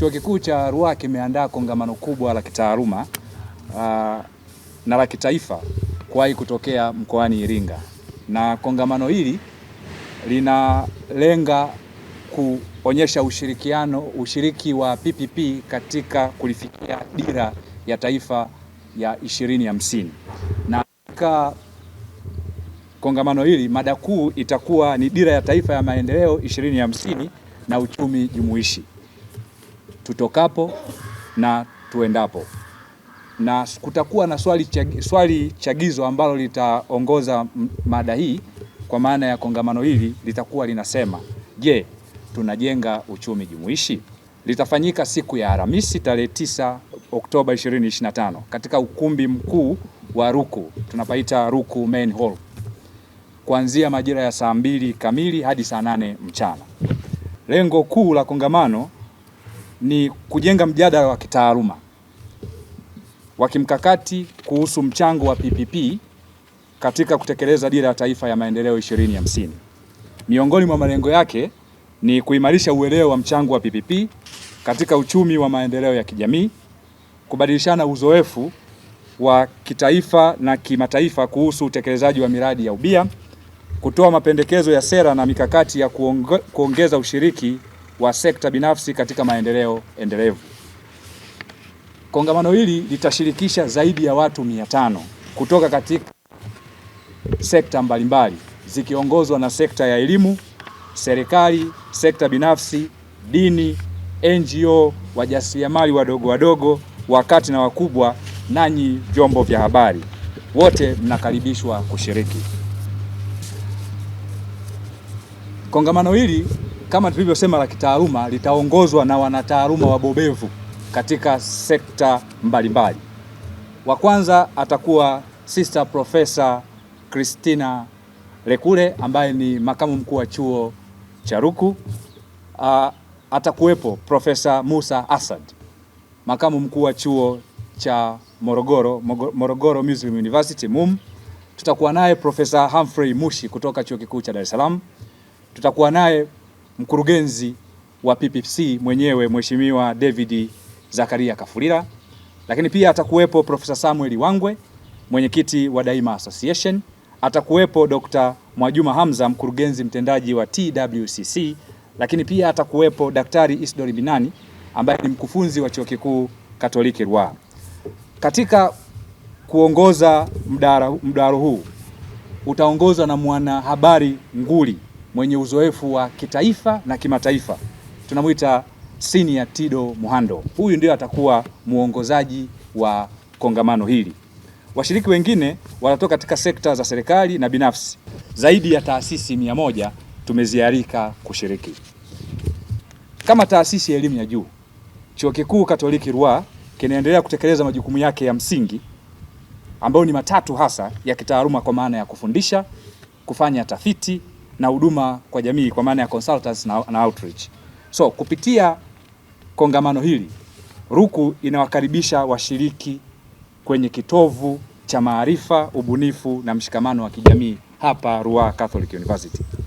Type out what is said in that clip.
Chuo Kikuu cha Ruaha kimeandaa kongamano kubwa la kitaaluma ah, na la kitaifa kuwahi kutokea mkoani Iringa, na kongamano hili linalenga kuonyesha ushirikiano, ushiriki wa PPP katika kulifikia dira ya taifa ya 2050. Na katika kongamano hili mada kuu itakuwa ni dira ya taifa ya maendeleo 2050 na uchumi jumuishi tutokapo na tuendapo. Na kutakuwa na swali, chagi, swali chagizo ambalo litaongoza mada hii kwa maana ya kongamano hili litakuwa linasema, je, tunajenga uchumi jumuishi? Litafanyika siku ya Alhamisi tarehe 9 Oktoba 2025 katika ukumbi mkuu wa Ruku, tunapaita Ruku Main Hall, kuanzia majira ya saa mbili kamili hadi saa nane mchana. Lengo kuu la kongamano ni kujenga mjadala wa kitaaluma wa kimkakati kuhusu mchango wa PPP katika kutekeleza dira ya taifa ya maendeleo 2050. Miongoni mwa malengo yake ni kuimarisha uelewa wa mchango wa PPP katika uchumi wa maendeleo ya kijamii, kubadilishana uzoefu wa kitaifa na kimataifa kuhusu utekelezaji wa miradi ya ubia, kutoa mapendekezo ya sera na mikakati ya kuongeza ushiriki wa sekta binafsi katika maendeleo endelevu. Kongamano hili litashirikisha zaidi ya watu mia tano kutoka katika sekta mbalimbali zikiongozwa na sekta ya elimu, serikali, sekta binafsi, dini, NGO, wajasiriamali wadogo wadogo, wakati na wakubwa, nanyi vyombo vya habari, wote mnakaribishwa kushiriki kongamano hili kama tulivyosema la kitaaluma litaongozwa na wanataaluma wabobevu katika sekta mbalimbali. Wa kwanza atakuwa Sister Profesa Christina Lekule ambaye ni makamu mkuu wa chuo cha Ruku. Uh, atakuwepo Profesa Musa Asad makamu mkuu wa chuo cha Morogoro, Morogoro Muslim University MUM. Tutakuwa naye Profesa Humphrey Mushi kutoka chuo kikuu cha Dar es Salaam. Tutakuwa naye mkurugenzi wa PPC mwenyewe Mheshimiwa David Zakaria Kafulila, lakini pia atakuwepo Profesa Samuel Wangwe, mwenyekiti wa Daima Association, atakuwepo Dr. Mwajuma Hamza, mkurugenzi mtendaji wa TWCC, lakini pia atakuwepo Daktari Isidori Binani ambaye ni mkufunzi wa Chuo Kikuu Katoliki Ruaha. Katika kuongoza mdaro huu utaongozwa na mwanahabari nguli mwenye uzoefu wa kitaifa na kimataifa, tunamwita Senior Tido Muhando. Huyu ndio atakuwa mwongozaji wa kongamano hili. Washiriki wengine wanatoka katika sekta za serikali na binafsi. Zaidi ya taasisi mia moja tumeziarika kushiriki kama taasisi ya elimu ya juu. Chuo Kikuu Katoliki Rua kinaendelea kutekeleza majukumu yake ya msingi ambayo ni matatu hasa ya kitaaluma, kwa maana ya kufundisha, kufanya tafiti na huduma kwa jamii kwa maana ya consultants na, na outreach. So kupitia kongamano hili RUCU inawakaribisha washiriki kwenye kitovu cha maarifa, ubunifu na mshikamano wa kijamii hapa Ruaha Catholic University.